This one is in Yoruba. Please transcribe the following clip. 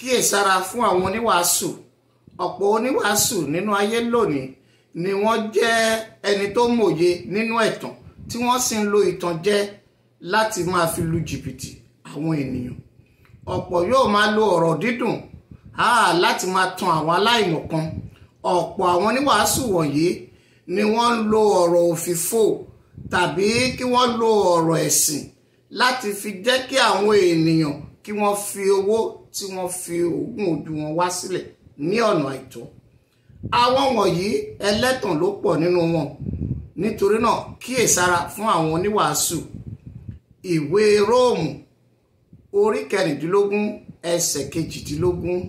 kíyèsára fún àwọn oníwàásù ọ̀pọ̀ oníwàásù nínú ayé lónìí ni wọ́n jẹ́ ẹni tó mòye nínú ẹ̀tàn tí wọ́n sì ń lo ìtànjẹ láti máa fi lu jìbìtì àwọn ènìyàn ọ̀pọ̀ yóò máa lo ọ̀rọ̀ dídùn ah, láti máa tan àwọn aláìmọ̀kan ọ̀pọ̀ àwọn oníwàásù wọ̀nyí ni wọ́n ń lo ọ̀rọ̀ òfìfo tàbí kí wọ́n lo ọ̀rọ̀ ẹ̀sìn láti fi jẹ́ kí àwọn ènìyàn kí wọ́n fi owó tí wọ́n fi oògùn ojú wọn wá sílẹ̀ ní ọ̀nà àìtọ́ àwọn wọ̀nyí ẹlẹ́tàn ló pọ̀ nínú wọn nítorí náà kíyèsára fún àwọn oníwàásù ìwé róòmù orí kẹrìndínlógún ẹsẹ̀ kejìdínlógún